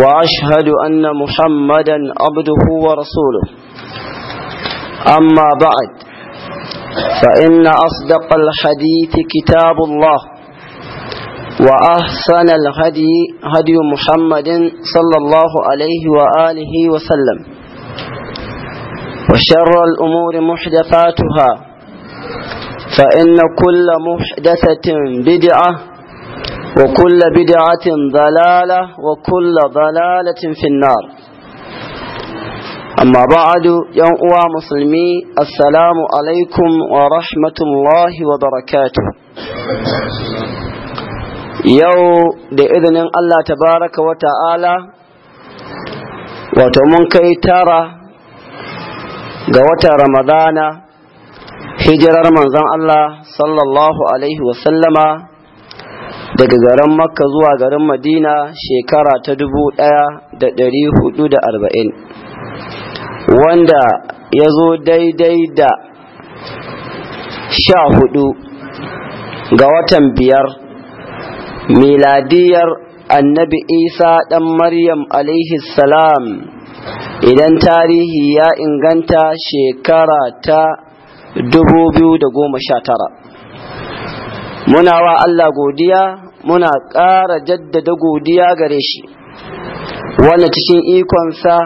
وأشهد أن محمدا عبده ورسوله أما بعد فإن أصدق الحديث كتاب الله وأحسن الهدي هدي محمد صلى الله عليه وآله وسلم وشر الأمور محدثاتها فإن كل محدثة بدعة وكل بدعة ضلالة وكل ضلالة في النار أما بعد يوم مسلمي السلام عليكم ورحمة الله وبركاته يو بإذن الله تبارك وتعالى وتمنكي ترى قوة رمضان hijirar manzon Allah sallallahu Alaihi wasallama daga garin makka zuwa garin madina shekara ta dubu ɗaya da dari hudu da arba'in wanda ya zo daidai da sha hudu ga watan biyar miladiyar annabi isa ɗan maryam alaihi salam idan tarihi ya inganta shekara ta dubu biyu da goma sha tara muna wa allah godiya muna ƙara jaddada godiya gare shi wanda cikin ikonsa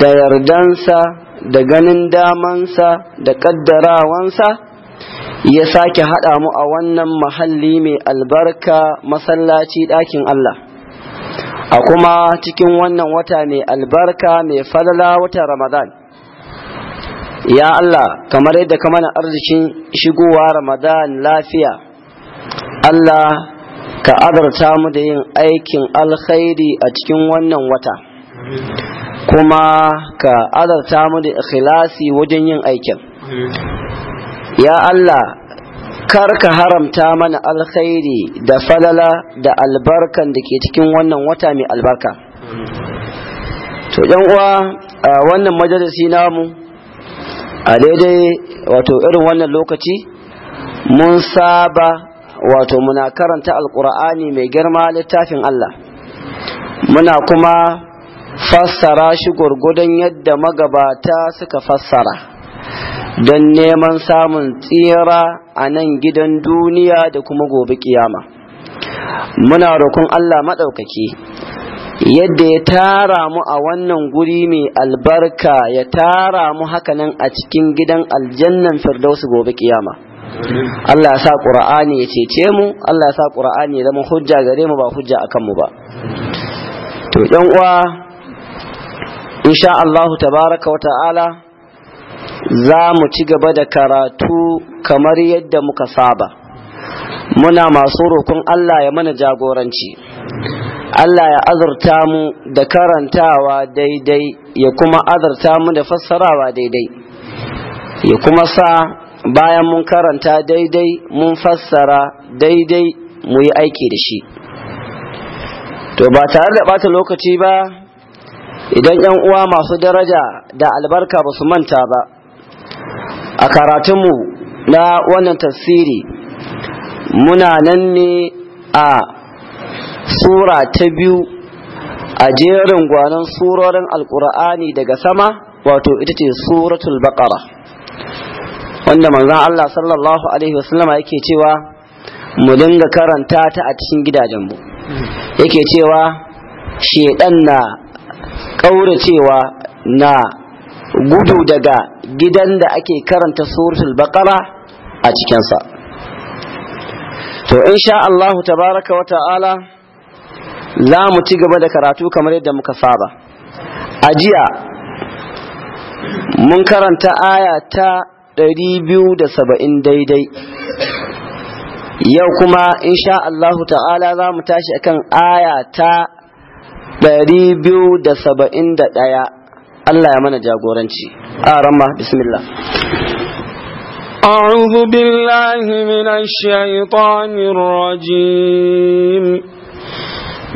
da yardansa da ganin damansa da ƙaddarawansa ya sake haɗa mu a wannan mahalli mai albarka masallaci ɗakin Allah a kuma cikin wannan wata mai albarka mai falala wata Ramadan ya Allah kamar yadda ka arzikin shigowa Ramadan lafiya Allah ka adarta mu da yin aikin alkhairi a cikin wannan wata kuma ka adarta mu da ikhlasi wajen yin aikin ya Allah kar ka haramta mana alkhairi da falala da albarka da ke cikin wannan wata mai albarka to uwa a wannan majalisi namu a daidai wato irin wannan lokaci mun saba wato muna karanta alkur'ani mai girma littafin Allah muna kuma fassara shi gwargwadon yadda magabata suka fassara don neman samun tsira a nan gidan duniya da kuma gobe kiyama muna roƙon Allah maɗaukaki yadda ya tara mu a wannan guri mai albarka ya tara mu haka nan a cikin gidan aljannan firdausu gobe kiyama Allah ya sa Qur'ani ya cece mu Allah ya sa Qur'ani ya zama hujja gare mu ba hujja akan mu ba to yan uwa insha Allah tabaraka wa ta'ala za mu ci gaba da karatu kamar yadda muka saba muna masu rokon Allah ya mana jagoranci Allah ya azurta mu da karantawa daidai ya kuma azurta mu da fassarawa daidai ya kuma sa bayan mun karanta daidai mun fassara daidai mu yi aiki da shi to ba tare da bata lokaci ba idan yan uwa masu daraja da albarka ba su manta ba a karatunmu na wannan tasiri, muna nan ne a sura ta biyu a jerin gwanon surorin alkur'ani daga sama wato ita ce suratul baqara wanda manzon Allah sallallahu alaihi wasallama yake cewa mu dinga karanta ta a cikin gidajenmu yake cewa shedan na kauracewa na gudu daga gidan da ake karanta suratul baqara a cikinsa to insha Allah tabaraka wa ta'ala za mu ci gaba da karatu kamar yadda muka saba a jiya mun karanta aya ta 270 daidai yau kuma insha Allah ta'ala za mu tashi akan aya ta 271 Allah ya mana jagoranci a ramma bismillah أعوذ بالله من الشيطان الرجيم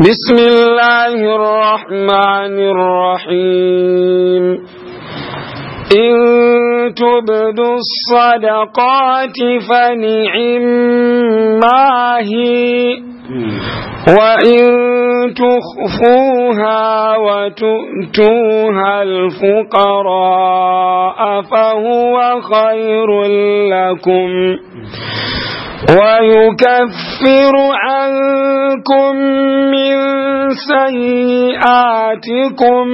بسم الله الرحمن الرحيم إن تبدوا الصدقات فنعما هي وإن تخفوها وتؤتوها الفقراء فهو خير لكم ويكفر عنكم من سيئاتكم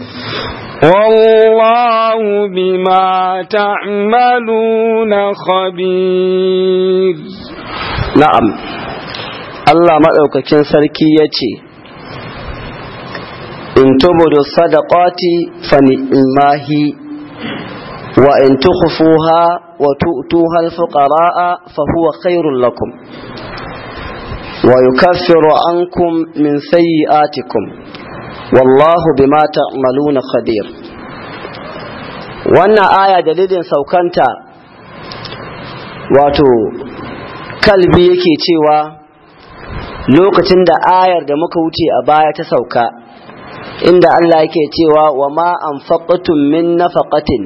والله بما تعملون خبير نعم الله مدوكاكين سركي يتي in tubudu sadaqati fa ni'mahi wa in tukhfuha wa tu'tuha al-fuqara'a fa huwa khairul lakum wa yukaffiru ankum min sayyi'atikum wallahu بما تعملون خبير wannan aya dalilin saukanta wato kalbi yake cewa lokacin da ayar da muka wuce a baya ta sauka inda Allah yake cewa wa ma anfaqtum min nafaqatin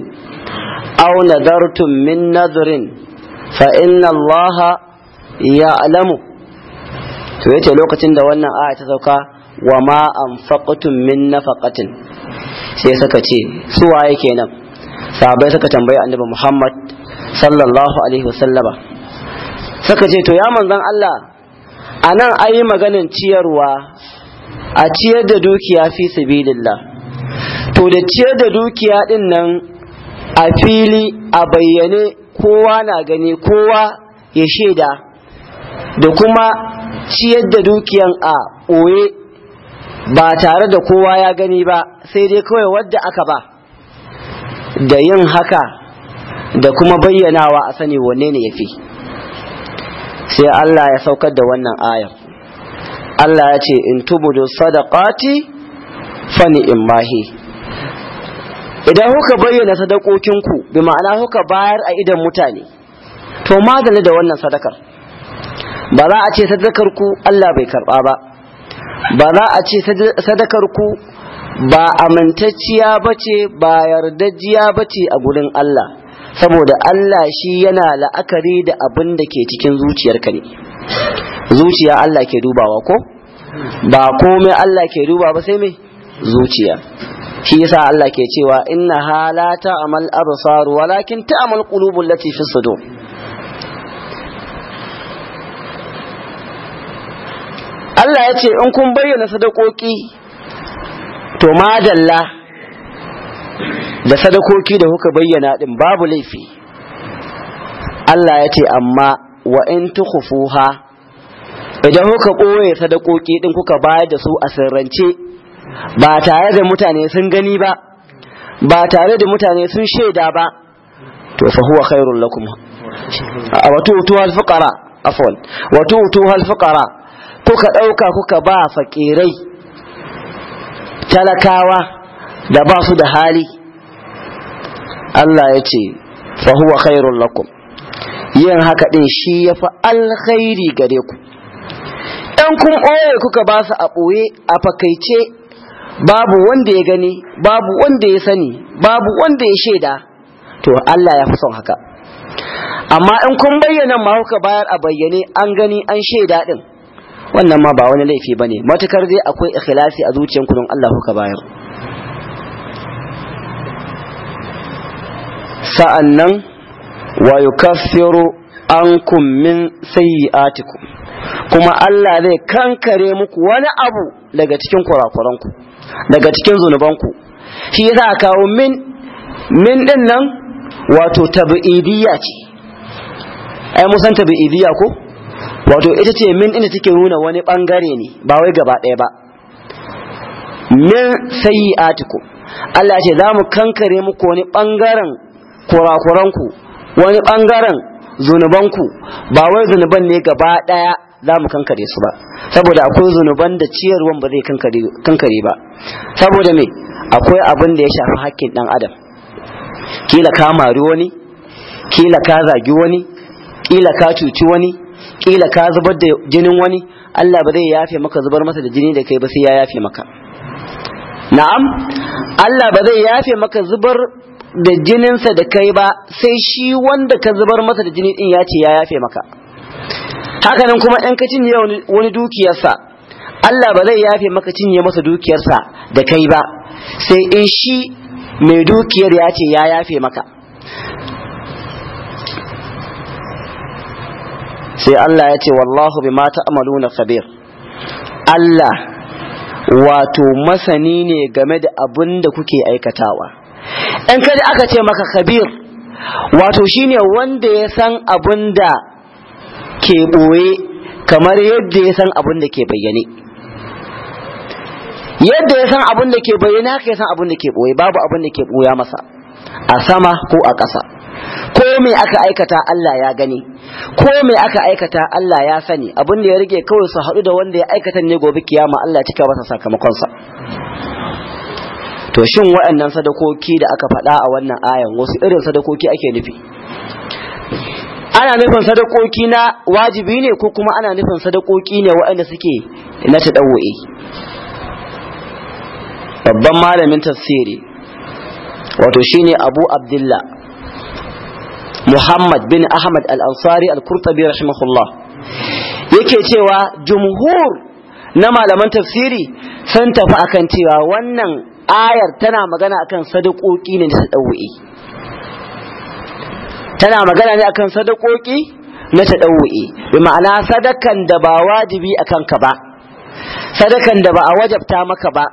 aw nadartum min nadrin fa inna Allah ya'lamu to yace lokacin da wannan aya ta sauka wa ma anfaqtum min nafaqatin sai suka ce su waye kenan sahabbai suka tambayi annabi Muhammad sallallahu alaihi wasallama suka ce to ya manzon Allah anan ayi maganin ciyarwa a ciyar da dukiya fi sabilillah to da ciyar da dukiya din nan a fili a bayyane kowa na gani kowa ya shaida da kuma ciyar da dukiyan a ɓoye ba tare da kowa ya gani ba sai dai kawai wadda aka ba da yin haka da kuma bayyanawa a sani wanne ne yafi sai Allah ya saukar da wannan ayar Allah ya ce in tubudu sadaqati fani immahi idan kuka bayyana sadakokinku bi ma'ana kuka bayar a idan mutane to magana da wannan sadakar ba za a ce sadakar ku Allah bai karba ba ba za a ce sadakar ku ba amintacciya bace ba yardajjiya bace a gurin Allah saboda Allah shi yana la'akari da abin da ke cikin zuciyarka ne zuciya Allah ke dubawa ko ba komai Allah ke duba ba sai me zuciya shi yasa Allah ke cewa inna halata amal absar walakin ta'mal qulubul lati fi sudur Allah ya ce in kun bayyana sadakoki to madalla da sadakoki da kuka bayyana din babu laifi Allah ya ce amma wa in tukhufuha idan kuka ɓoye sadakoki din kuka bayar da su a sirrance ba tare da mutane sun gani ba ba tare da mutane sun shaida ba to fa huwa khairul lakum wa tu'tuha al-fuqara afwan wa tu'tuha al-fuqara kuka ɗauka kuka ba faƙirai talakawa da ba su da hali Allah ya ce fahuwa khairun lakum yin haka ɗin shi ya fi alkhairi gare ku ɗan kun ɓoye kuka ba su a ɓoye a fakaice babu wanda ya gani babu wanda ya sani babu wanda ya shaida to Allah ya fi son haka amma in kun bayyana ma kuka bayar a bayyane an gani an shaida ɗin wannan ma ba wani laifi bane matukar dai akwai ikhlasi a zuciyanku don Allah kuka bayar sa'annan wa yukaffiru ankum min sayyi'atikum kuma Allah zai kankare muku wani abu daga cikin kurakuranku daga cikin zunubanku shi yasa kawo min min din wato tabi'idiyya ce ai musan tabi'idiyya ko wato ita ce min inda take nuna wani bangare ne ba wai gaba ɗaya ba min atiku Allah ce za mu kankare muku wani bangaren kurakuranku wani bangaren zunubanku ba wai zunuban ne gaba ɗaya za mu kankare su ba saboda akwai zunuban da ciyarwan ba zai kankare ba saboda me akwai abin da ya shafi hakkin ɗan adam kila ka mari wani kila ka zagi wani kila ka cuci wani kila ka zubar da jinin wani Allah ba zai yafe maka zubar masa da jini da kai ba sai ya yafe maka na'am Allah ba zai yafe maka zubar da jininsa da kai ba sai shi wanda ka zubar masa da jini din ya ce ya yafe maka haka nan kuma in ka cinye wani dukiyarsa Allah ba zai yafe maka cinye masa dukiyarsa da kai ba sai in shi mai dukiyar ya ce ya yafe maka sai Allah ya ce wallahu ma ta'maluna khabir Allah wato masani ne game da abin da kuke aikatawa in kada aka ce maka khabir wato shine wanda ya san abin da ke boye kamar yadda ya san abin da ke bayyane yadda ya san abin da ke bayyane ka ya san abin da ke boye babu abin da ke boya masa a sama ko a ƙasa ko me aka aikata Allah ya gani ko me aka aikata Allah ya sani abin da ya rike kawai su haɗu da wanda ya aikata ne gobe kiyama Allah cika masa sa. to shin waɗannan sadakoki da aka faɗa a wannan ayan wasu irin sadakoki ake nufi ana nufin sadakoki na wajibi ne ko kuma ana nufin sadakoki ne waɗanda suke na taɗawo'i babban malamin tafsiri wato shine abu abdullah Muhammad bin Ahmad al-Ansari al-Kurtabi rahimahullah yake cewa jumhur na malaman tafsiri sun tafi akan cewa wannan ayar tana magana akan sadakoki ne ta dawu'i tana magana ne akan sadakoki na ta bi ma'ana sadakan da ba wajibi akan ka ba sadakan da ba a wajabta maka ba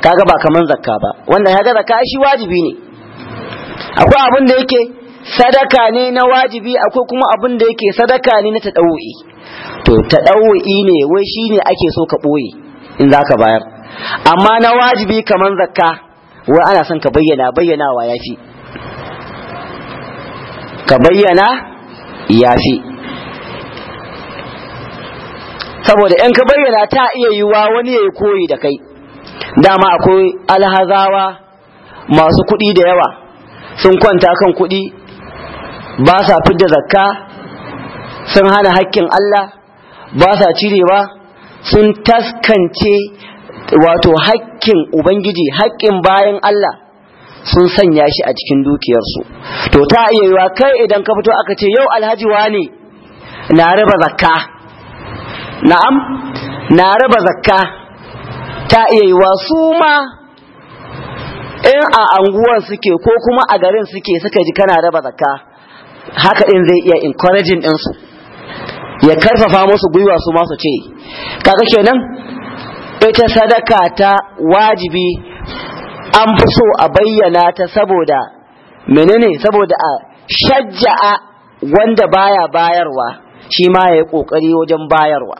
kaga ba kaman zakka ba wannan ya ga zakka shi wajibi ne akwai abin da yake sadaka ne na wajibi akwai kuma abin da yake sadaka ne na taɗawo'i to taɗawo'i ne wai shi ne ake so ka ɓoye in za ka bayar amma na wajibi kamar zakka wai ana son ka bayyana bayyanawa ya fi ka bayyana ya fi saboda in ka bayyana ta iya yiwuwa wani ya yi koyi da kai dama akwai alhazawa masu kuɗi da yawa sun kwanta kan kuɗi ba sa fidda zakka sun hana hakkin Allah ba sa cirewa sun taskance wato hakkin ubangiji hakkin bayan Allah sun sanya shi a cikin dukiyarsu to ta iya yiwa kai idan ka fito aka ce yau alhaji wane na raba zakka na'am na raba zakka ta iya yiwa su ma in a anguwar suke ko kuma a garin suke suka ji kana raba zakka haka din zai iya encouraging din su ya karfafa musu gwiwa su ma su ce kaga kenan ita sadaka ta wajibi an fi so a bayyana ta saboda menene saboda a shajja'a wanda baya bayarwa shi ma ya yi kokari wajen bayarwa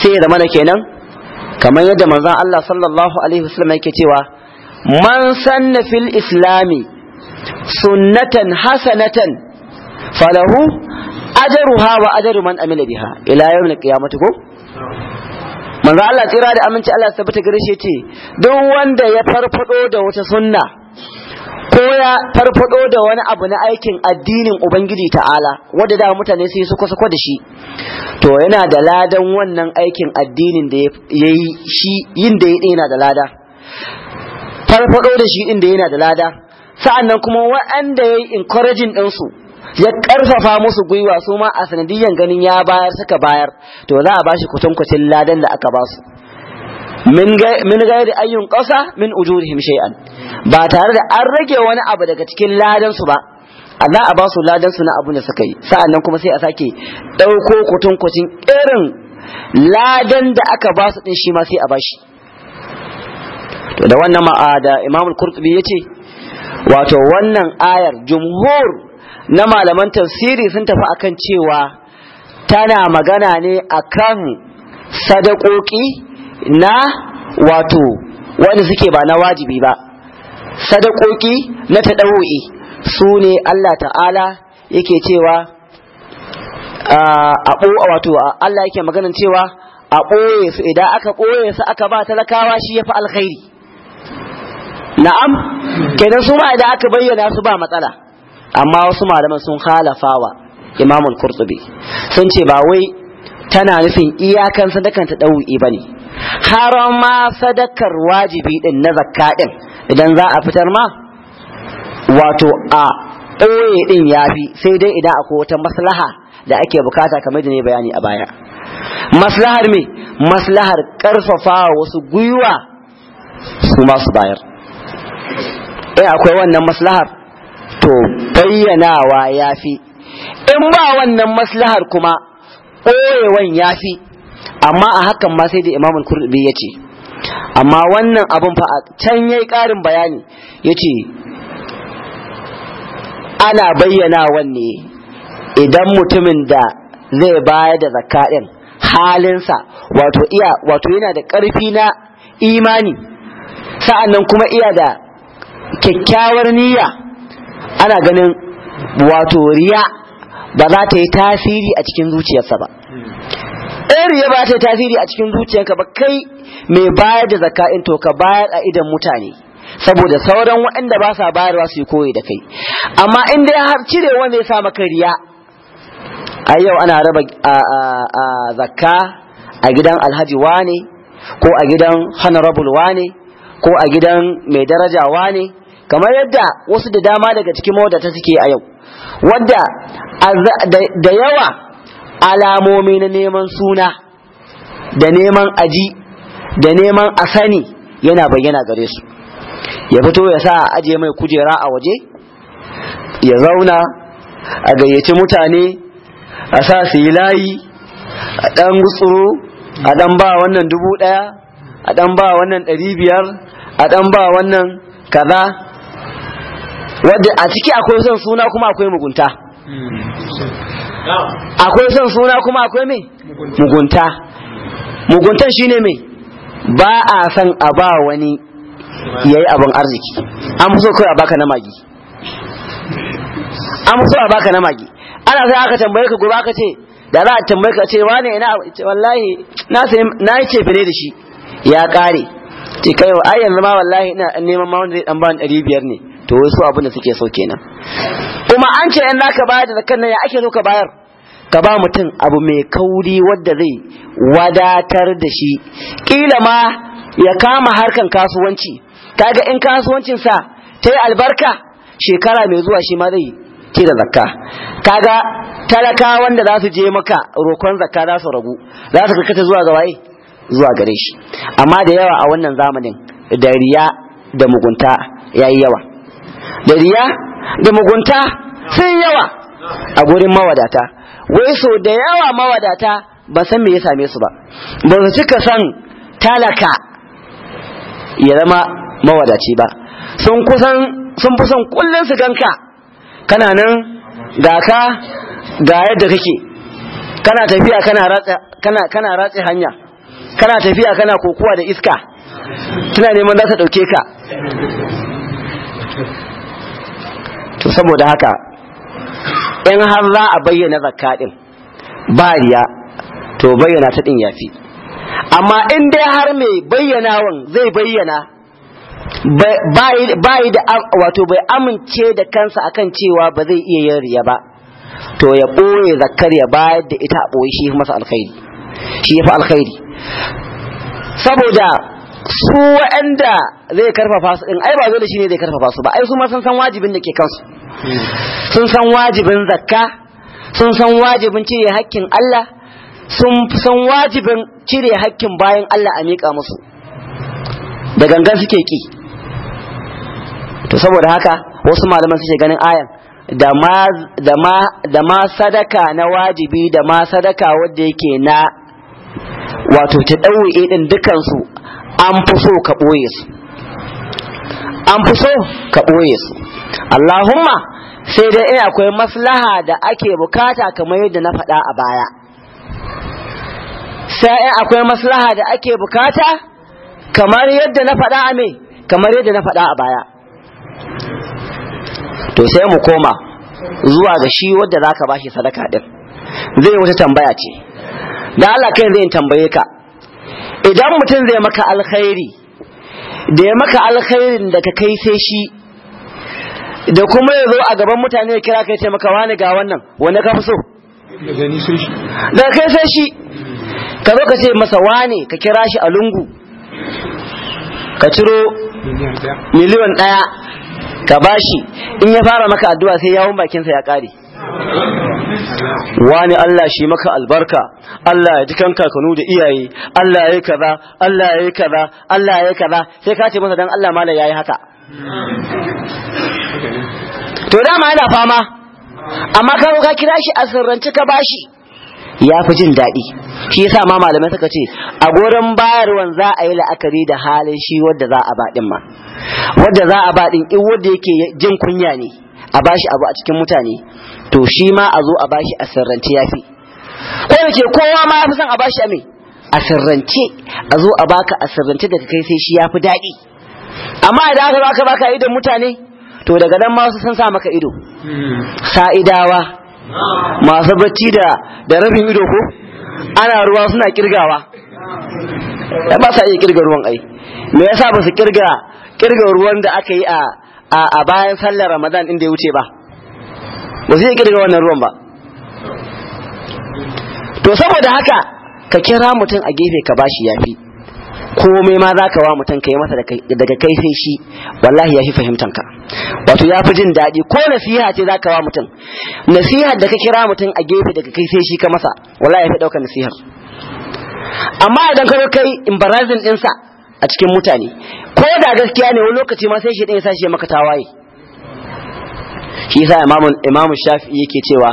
sai ya mana kenan kamar yadda manzon Allah sallallahu alaihi wasallam yake cewa man sanna fil islami sunnatan hasanatan falahu ajruha wa ajru man amila biha ila yawmil qiyamati ko manzo Allah tsira da aminci Allah tabbata gare shi ce duk wanda ya farfado da wata sunna ko ya farfado da wani abu na aikin addinin Ubangiji ta'ala wanda da mutane sai su kusa da shi to yana da ladan wannan aikin addinin da ya shi yin da ya yana da lada farfado da shi inda yana da lada sa'annan kuma waɗanda ya yi encouraging su ya karfafa musu gwiwa su ma a sanadiyyan ganin ya bayar suka bayar to za a bashi ladan da aka ba su min ayyun ƙasa min ujurihim shay'an ba tare da an rage wani abu daga cikin ladan su ba Allah a ba su ladan su na abu da suka yi sa'an nan kuma sai a sake ɗauko kutunkucin irin ladan da aka ba su din shi ma sai a bashi. to da wannan ma'ada imam al-qurtubi yace wato wannan ayar jumhur na malaman tafsiri sun tafi akan cewa tana magana ne akan sadakoki na wato wanda suke ba na wajibi ba sadakoki na tadawu'i su ne Allah ta'ala yake cewa a wato Allah yake maganan cewa a ɓoye su idan aka ɓoye su aka ba talakawa shi ya fi alkhairi na'am kenan su ma idan aka bayyana su ba matsala amma wasu malaman sun halafawa imamul qurtubi sun ce ba wai tana nufin iyakan sadakan ta ɗau'i ba ne har ma sadakar wajibi din na zakka din idan za a fitar ma wato a ɓoye din ya fi sai dai idan akwai wata maslaha da ake bukata kamar da ne bayani a baya maslahar me maslahar ƙarfafa wasu gwiwa su masu bayar eh akwai wannan maslahar to bayyanawa ya fi in ba wannan maslahar kuma koyewan ya fi amma a hakan ma sai da imamul kurɗi ya ce amma wannan abin fa a can ya yi ƙarin bayani ya ce ana bayyanawa ne idan mutumin da zai bayar da zakka halinsa wato iya wato yana da ƙarfi na imani sa'annan kuma iya da kyakkyawar niyya ana ganin wato riya ba za ta yi tasiri a cikin zuciyarsa ba riya ba ta yi tasiri a cikin zuciyarka ba kai mai bayar da zakka in to ka bayar a idan mutane saboda sauran waɗanda ba sa bayarwa su yi koyi da kai amma in dai har cire wanda ya sa maka riya a yau ana raba a zakka a gidan alhaji wane ko a gidan Hanarabul wane ko a gidan mai daraja wane kamar yadda wasu da dama daga cikin mawadata suke a yau wadda da yawa alamomi na neman suna da neman aji da neman a sani yana bayyana gare su ya fito ya sa a aje mai kujera a waje ya zauna a gayyaci mutane a sa su yi layi a ɗan gutsuro a ɗan ba wannan dubu ɗaya a ɗan ba wannan ɗari biyar a ɗan ba wannan kaza wadda a ciki akwai son suna kuma akwai mugunta akwai son suna kuma akwai mai mugunta muguntan shine me ba a san a ba wani ya yi abin arziki an fi so kai a baka na magi an fi so a baka na magi ana sai aka tambaye ka gobe aka ce da za a tambaye ka ce wane ina wallahi na yi na ce fine da shi ya kare ce kai ai yanzu ma wallahi ina neman ma wanda zai dan ba 500 ne to wasu abin da suke so kenan kuma an ce in zaka bayar da zakkan nan ya ake so ka bayar ka ba mutum abu mai kauri wadda zai wadatar da shi kila ma ya kama harkan kasuwanci kaga in kasuwancin sa ta yi albarka shekara mai zuwa shi ma zai ke da zakka kaga talaka wanda za su je maka rokon zakka za su ragu za su karkata zuwa ga waye zuwa gare shi amma da yawa a wannan zamanin dariya da mugunta yayi yawa da riya da mugunta sun yawa a gurin mawadata wai so da yawa mawadata ba san me ya same su ba ba su cika san talaka ya zama mawadaci ba sun kusan sun fi son kullun su ganka kana nan ga ka ga yadda kake kana tafiya kana ratsa kana kana ratsa hanya kana tafiya kana kokuwa da iska tana neman za ta dauke ka to saboda haka in har za a bayyana zakka din ba riya to bayyana ta din yafi amma in dai har mai bayyanawan zai bayyana bayi da wato bai amince da kansa akan cewa ba zai iya yin riya ba to ya ɓoye zakkar ya bayar da ita a ɓoye shi masa alkhairi shi ya fi alkhairi saboda su waɗanda zai karfafa su ɗin ai ba dole shi ne zai karfafa su ba ai su ma san san wajibin da ke kansu sun san wajibin zakka sun san wajibin cire hakkin Allah sun san wajibin cire hakkin bayan Allah a miƙa musu da gangan suke ki to saboda haka wasu malaman suke ganin ayan da ma sadaka na wajibi da ma sadaka wadda yake na wato ta ɗauye ɗin dukansu an fi so ka boye su an fi so ka boye su Allahumma sai dai in akwai maslaha da ake bukata kamar yadda na faɗa a baya sai in akwai maslaha da ake bukata kamar yadda na faɗa a me kamar yadda na faɗa a baya to sai mu koma zuwa ga shi wadda za ka bashi sadaka ɗin zai wata tambaya ce da Allah kai zai tambaye ka idan mutum zai maka alkhairi da ya maka alkhairin da ka kai sai shi da kuma ya zo a gaban mutane ya kira kai taimaka wani ga wannan wani ka fi so Da kai sai shi ka zo ka ce masa wani ka kira shi a lungu ka ciro miliyan ɗaya ka bashi in ya fara maka addu'a sai yawon bakinsa ya kare. wani Allah shi maka albarka Allah ya ji kan kakanu da iyaye Allah ya yi kaza Allah ya yi kaza Allah ya yi kaza sai ka ce masa dan Allah mala yayi haka to dama yana fama amma ka ka kira shi a sirrance ka bashi ya fi jin daɗi shi yasa ma malamai suka ce a gurin bayarwan za a yi la'akari da halin shi wadda za a baɗin ma wadda za a baɗin in wadda yake jin kunya ne a bashi abu a cikin mutane to shi ma a zo a bashi a sirrance ya fi ko da ke kowa ma ya fi son a bashi a me a sirrance a zo a baka a sirrance daga kai sai shi ya fi daɗi amma idan aka baka baka idan mutane to daga nan masu sun san sa maka ido sa'idawa masu bacci da da rabin ido ko ana ruwa suna kirgawa dan ba sa iya kirga ruwan ai me yasa ba su kirga kirga ruwan da aka yi a a bayan sallar Ramadan inda ya wuce ba ba su iya kirga wannan ruwan ba to saboda haka ka kira mutum a gefe ka bashi yafi komai ma za ka wa mutum ka yi masa daga kai sai shi wallahi ya fi fahimtanka. ka wato ya fi jin daɗi ko nasiha ce za ka wa mutum nasiha da ka kira mutum a gefe daga kai sai shi ka masa wallahi ya fi ɗaukar nasihar amma idan ka zo kai embarrassing ɗinsa a cikin mutane ko da gaskiya ne wani lokaci ma sai shi ɗin ya sashi ya maka tawaye shi yasa imamu shafi'i yake cewa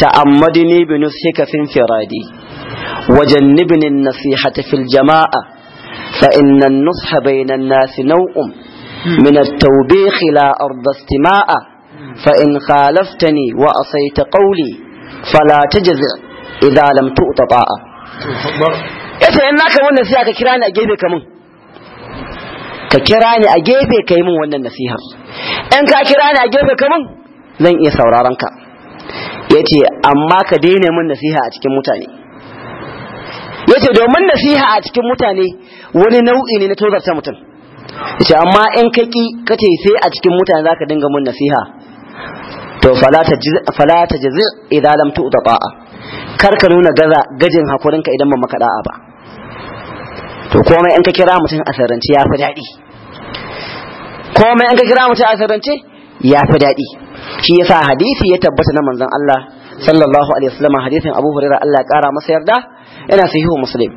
ta'ammadini bi nusika fin firadi وجنبني nasiha في الجماعة فإن النصح بين الناس نوء من التوبيخ لا أرض استماء فإن خالفتني وأصيت قولي فلا تجزع إذا لم تؤت طاعة yace in naka wannan sai ka kira ni a gefe ka mun ka kira ni a gefe ka yi mun wannan nasihar in kira ni a gefe ka mun zan iya sauraron amma ka daina mun nasiha a cikin mutane domin nasiha a cikin mutane wani nau'i ne na tozarta mutum yace amma in ka ki kace sai a cikin mutane zaka dinga mun nasiha to fala ta jazi idza lam tu'ta ta'a kar ka nuna gaza gajin hakurinka idan ba maka da'a ba to komai in ka kira mutum a sarrance ya fi daɗi komai in ka kira mutum a sarrance ya fi daɗi shi yasa hadisi ya tabbata na manzon Allah sallallahu alaihi wasallam hadisin Abu Hurairah Allah ya kara masa yarda yana sahihu muslim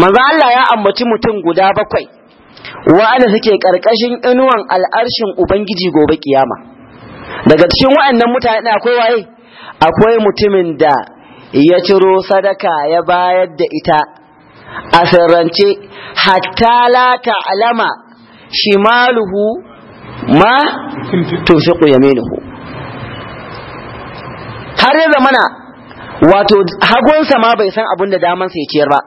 manzo Allah ya ambaci mutum guda bakwai wanda suke karkashin inuwan al'arshin ubangiji gobe kiyama daga cikin waɗannan mutane akwai waye akwai mutumin da ya ciro sadaka ya bayar da ita a sirrance hatta la ta'lama shimaluhu ma tunfiqu yaminuhu har ya zamana wato hagunsa ma bai san abin da damansa ya ciyar ba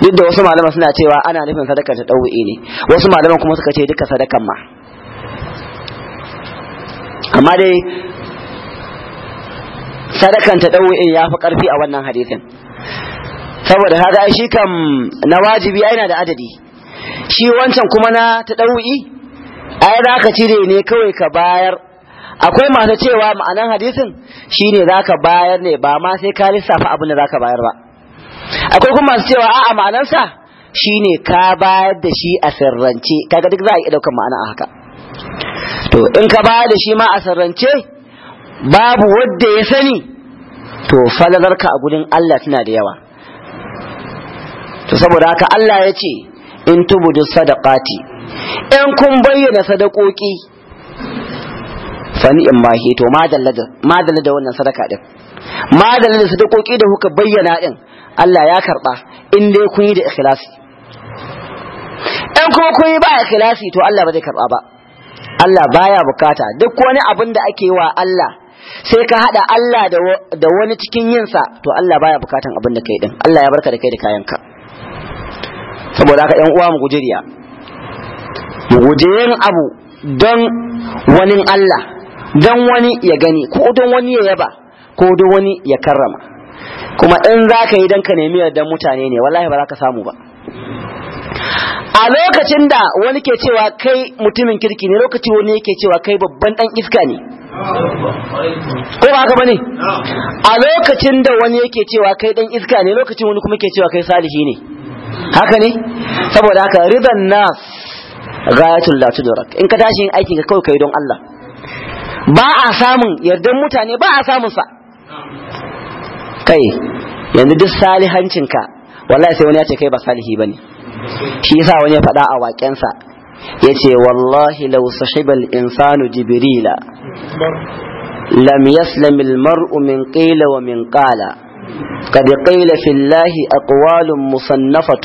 duk da wasu malama suna cewa ana nufin sadaka ta ɗau'i ne wasu malaman kuma suka ce duka sadakan ma amma dai sadakan ta ɗau'i ya fi ƙarfi a wannan hadisin saboda kaga shi kam na wajibi yana da adadi shi wancan kuma na ta ɗau'i ai za ka cire ne kawai ka bayar akwai masu cewa ma'anan hadisin shine zaka bayar ne ba ma sai ka lissafa abin da zaka bayar ba akwai kuma masu cewa a'a ma'anansa shine ka bayar da shi a sirrance kaga duk za a iya daukar ma'ana a haka to in ka bayar da shi ma a sirrance babu wadda ya sani to falalarka a gurin Allah tana da yawa to saboda haka Allah ya ce in tubudu sadaqati in kun bayyana sadakoki Sani in ma to madalla da wannan sadaka din madalla da sadakoki da kuka bayyana din Allah ya karba in dai kun yi da ikhlasi in kuma kun yi ba ikhlasi to Allah ba zai karba ba Allah baya bukata duk wani abin da ake wa Allah sai ka hada Allah da wani cikin yinsa to Allah baya bukatan abin da kai din Allah ya barka da kai da kayanka saboda haka yan uwa mu gujiriya mu guje yin abu don wani Allah don wani ya gani ko don wani ya yaba ko don wani ya karrama kuma in za ka yi don ka nemi yardan mutane ne wallahi ba za ka samu ba a lokacin da wani ke cewa kai mutumin kirki ne lokaci wani yake cewa kai babban dan iska ne ko ba haka bane a lokacin da wani yake cewa kai dan iska ne lokacin wani kuma ke cewa kai salihi ne haka ne saboda haka ridan nas ghayatul la tudrak in ka tashi yin aikin ka kawai kai don Allah ba a samun yardan mutane ba a samun sa kai yanzu duk salihancinka wallahi sai wani ya ce kai ba salihi bane shi yasa wani ya faɗa a waƙensa ya ce wallahi law sahibal insanu jibrila lam yaslam al mar'u min qila wa min qala قد قيل في الله أقوال مصنفة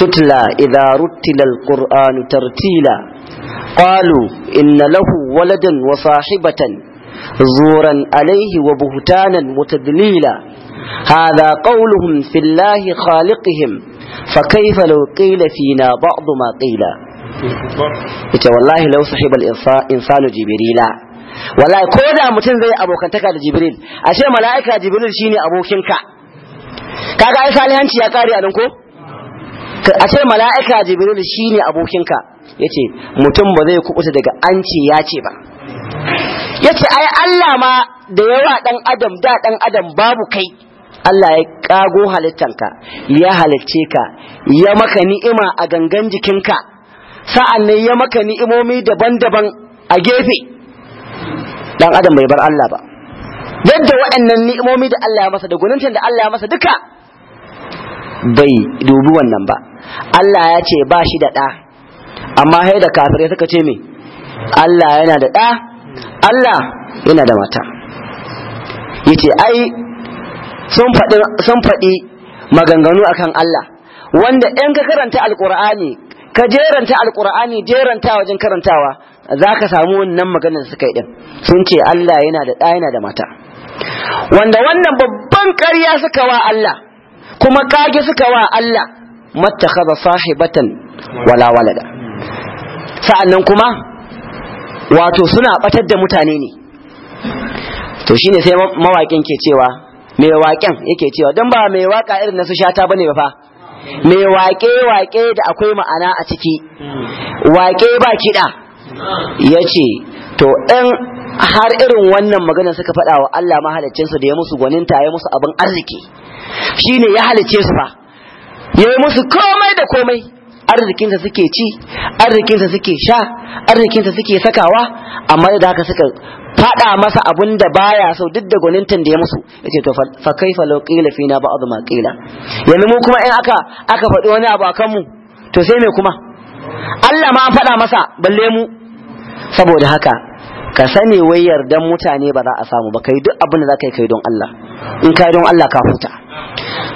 تتلى إذا رتل القرآن ترتيلا قالوا إن له ولدا وصاحبة زورا عليه وبهتانا متدليلا هذا قولهم في الله خالقهم فكيف لو قيل فينا بعض ما قيل والله لو صحب الإنسان جبريلا wallahi ko da mutum zai abokantaka da jibril ashe mala'ika jibril shine abokinka kaga ai salihanci ya kare anan ko ashe mala'ika jibril shine abokinka yace mutum ba zai kubuta daga an ce ya ce ba yace ai Allah ma da yawa ɗan adam da ɗan adam babu kai Allah ya ƙago halittanka ya halicce ka ya maka ni'ima a gangan jikinka sa'an ne ya maka ni'imomi daban-daban a gefe Ɗan adam bai bar Allah ba yadda waɗannan ni'imomi da Allah ya masa da gununcin da Allah ya masa duka bai dubi wannan ba Allah ya ce ba shi da ɗa amma hai da kafirai suka ce me Allah yana da ɗa Allah yana da mata yace ai sun faɗi sun faɗi maganganu akan Allah wanda in ka karanta alqur'ani ka jeranta alqur'ani jeranta wajen karantawa zaka samu wannan maganar suka yi din sun ce Allah yana da ɗa yana da mata wanda wannan babban ƙarya suka wa Allah kuma kage suka wa Allah mattakhadha sahibatan wala walada sa'annan kuma wato suna batar da mutane ne to shine sai mawaƙin ke cewa mai waƙen yake cewa don ba mai waka irin na su shata bane ba fa mai waƙe-waƙe da akwai ma'ana a ciki waƙe ba kiɗa ya ce to ɗan har irin wannan magana suka faɗa wa Allah mahalicinsu da ya musu gwaninta ya musu abin arziki shine ya halice su fa ya yi musu komai da komai arzikinsa suke ci arzikinsa suke sha arzikinsa suke sakawa amma da haka suka faɗa masa abun da baya sau duk da gwanintan da ya musu yace to fa kaifa law qila na ba'd ma qila yanzu mu kuma in aka aka faɗi wani abu akan mu to sai me kuma Allah ma an faɗa masa balle mu saboda haka ka sani wai yardan mutane ba za a samu ba kai duk abin da za ka yi kai don Allah in kai don Allah ka huta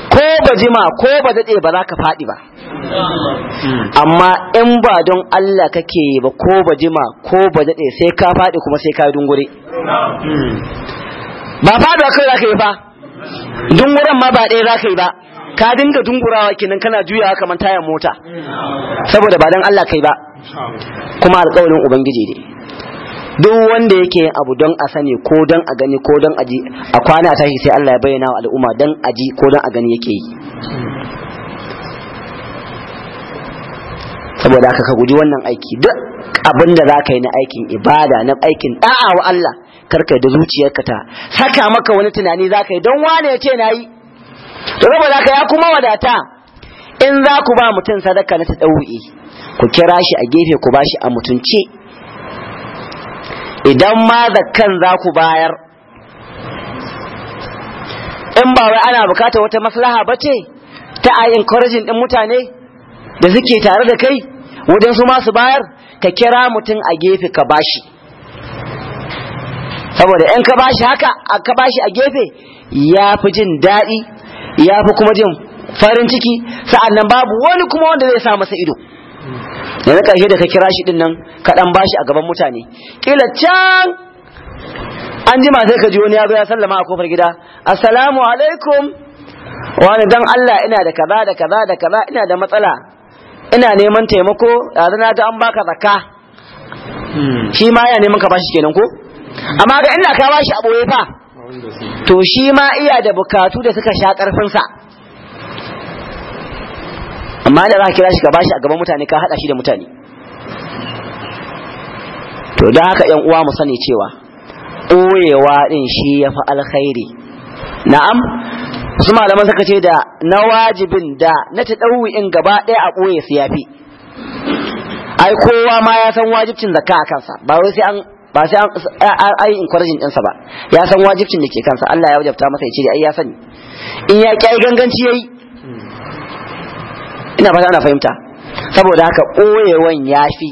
ko ba jima ko ba daɗe ba za ka faɗi ba amma in ba don Allah kake ba ko ba jima ko ba daɗe sai ka faɗi kuma sai ka dungure ba faɗuwa kai za ka yi fa dunguren ma ba ɗaya za ka yi ba ka dinga dungurawa kenan kana juyawa kamar tayar mota saboda ba don Allah kai ba kuma alƙawarin ubangiji ne duk wanda yake yin abu don a sani ko don a gani ko don a ji a kwana tashi sai Allah ya bayyana wa al'umma don a ji ko don a gani yake yi saboda haka ka guji wannan aiki duk abin da zaka yi na aikin ibada na aikin da'a wa Allah karka da zuciyarka ta saka maka wani tunani zaka yi don wane ya ce nayi to saboda haka ya kuma wadata in za ku ba mutum sadaka na tadawu'i ku kira shi a gefe ku bashi a mutunce idan ma zakkan za ku bayar in ba wai ana bukatar wata maslaha bace ce ta a encouraging din mutane da suke tare da kai wajen ma su bayar ka kira mutum a gefe ka bashi saboda in ka bashi haka ka bashi a gefe ya fi jin daɗi ya fi kuma jin farin ciki sa'an nan babu wani kuma wanda zai sa masa ido yanzu ƙarshe da ka kira shi ɗin kaɗan ka ɗan bashi a gaban mutane ƙila can an jima sai ka ji wani ya ya sallama a kofar gida assalamu alaikum wani dan Allah ina da kaza da kaza da kaza ina da matsala ina neman taimako yanzu na ji an baka zakka hmm. shi ma yana neman ka bashi kenan ko amma ga ina ka bashi a boye fa to shi ma iya da bukatu da suka sha karfinsa amma da za ka kira shi ka bashi a gaban mutane ka hada shi da mutane to da haka yan uwa mu sani cewa ɓoyewa ɗin shi ya fi alkhairi na'am wasu malaman suka ce da na wajibin da na ta ɗauwi'in gaba ɗaya a ɓoye su yafi ai kowa ma ya san wajibcin zakka a kansa ba wai sai an ba sai an ai in encouraging ɗinsa ba ya san wajibcin da ke kansa Allah ya wajabta masa ya ce ai ya sani in ya ƙi ganganci yayi ina ba ana fahimta saboda haka ɓoyewan yafi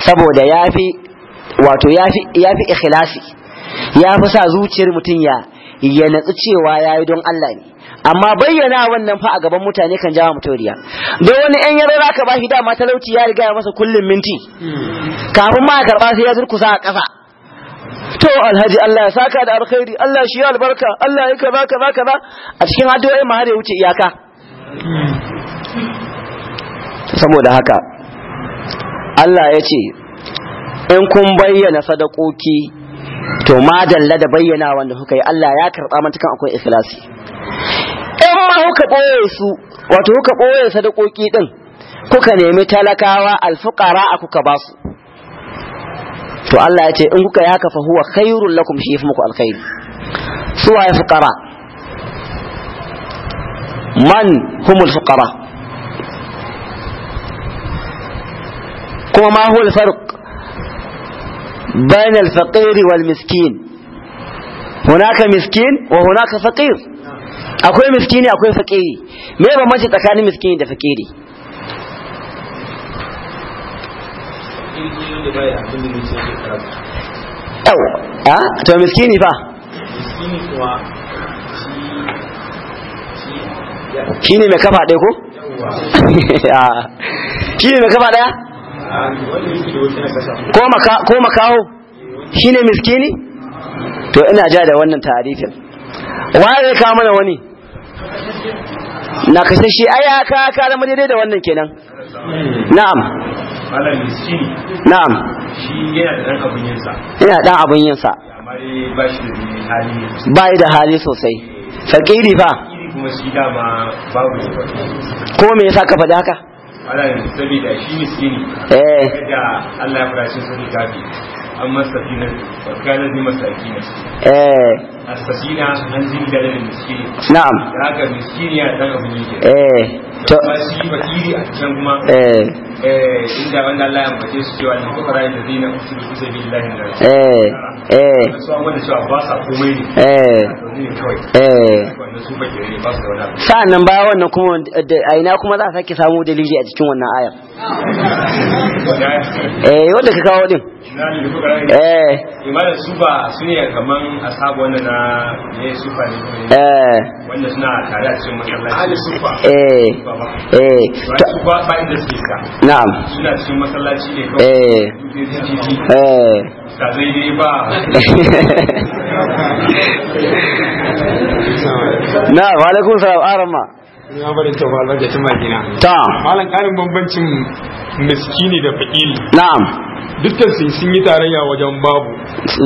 saboda yafi wato yafi yafi ikhlasi ya fi sa zuciyar mutum ya ya natsu cewa ya yi don Allah ne amma bayyana wannan fa a gaban mutane kan jawo mutoriya don wani yan yaro za ka bashi dama talauci ya riga ya masa kullum minti kafin ma karɓa sai ya durkusa a ƙasa to alhaji Allah ya saka da alkhairi Allah shi ya albarka Allah ya kaza kaza kaza a cikin addu'o'i ma har ya wuce iyaka saboda haka Allah ya ce in kun bayyana sadakoki to ma dalla da bayyana wanda kuka yi Allah ya karɓa matukan akwai ikhlasi in ma kuka ɓoye su wato kuka ɓoye sadakoki ɗin kuka nemi talakawa alfuqara a kuka ba su to Allah ya ce in kuka yaka fa huwa khairul lakum shi yafi muku alkhairi su ya fuqara man humul fuqara kuma ma huwa alfarq بين الفقير والمسكين هناك مسكين وهناك فقير akwai miskini akwai fakiri me bambanci tsakanin miskini da fakiri yau a to miskini fa shi ɗaya ko? shi ɗaya? ko makaho shine miskini to ina ja da wannan tarifin waye zai kawo mana wani na kashe shi aya ka ka zama daidai da wannan kenan na'am na'am yana dan abun yinsa bai da hali sosai fakiri fa ko me yasa ka faɗa haka saboda shi miskini eh. da Allah ya fara shi sun kafi amma eh. safina fa kana bi masakina eh as-safina an jin da da miskini na'am haka miskini ya dan abu ne eh to shi fakiri a can kuma eh eh inda wanda Allah ya ambace su cewa ni kufara da dinin usul bi billahi eh eh so wanda cewa ba sa komai ne eh eh nan baya wannan kuma a ina kuma za a sake samu dalili a cikin wannan ayar eh wanda ka kawo din eh imanin sufa sun yi kaman ashabu wanda na ne sufa ne eh wanda suna tare a cikin masallaci ahli sufa eh eh ta sufa ba inda suke ka na'am suna cikin masallaci ne eh eh ka zai dai ba na wa alaikum salam arama na barin ta ba ga tuma gina ta malan karin bambancin miskini da fakiri na'am dukkan sun yi tarayya wajen babu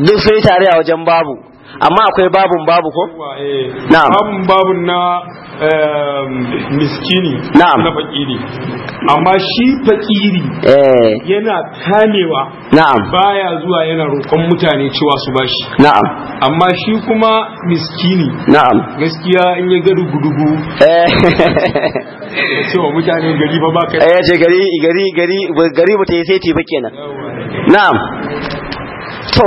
duk sun yi tarayya wajen babu amma akwai babun babu ko eh. na'am babun babun na miskini na fakiri amma shi fakiri eh. yana kamewa na'am baya zuwa yana roƙon mutane cewa su bashi na'am amma shi kuma miskini na'am gaskiya in ya gari gudugu eh. cewa mutane gari ba baka ya ce gari gari gari gari mutane sai ce ba kenan na'am to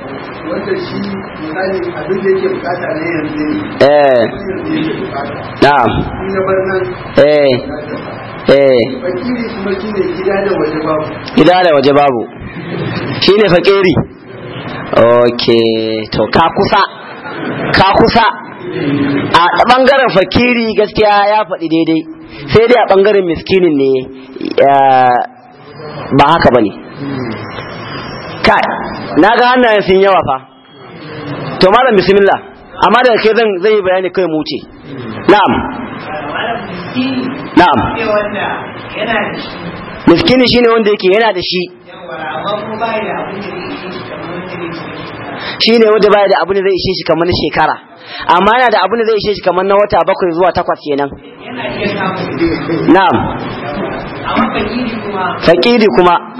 wanda eh. na yanzu eh. eh. ne gida da waje babu gida da shine fakiri okay to ka kusa ka kusa a bangaren fakiri gaskiya ya faɗi daidai sai dai a bangaren miskinin ne ba haka ba ne na ga hannayen sun yawa fa to malam bismillah amma da ke zan zai yi bayani kai mu ce na'am na'am miskini shine wanda yake yana da shi shine wanda baya da abu ne zai ishe shi kamar na shekara amma yana da abu ne zai ishe shi kamar na wata bakwai zuwa takwas kenan na'am fakiri kuma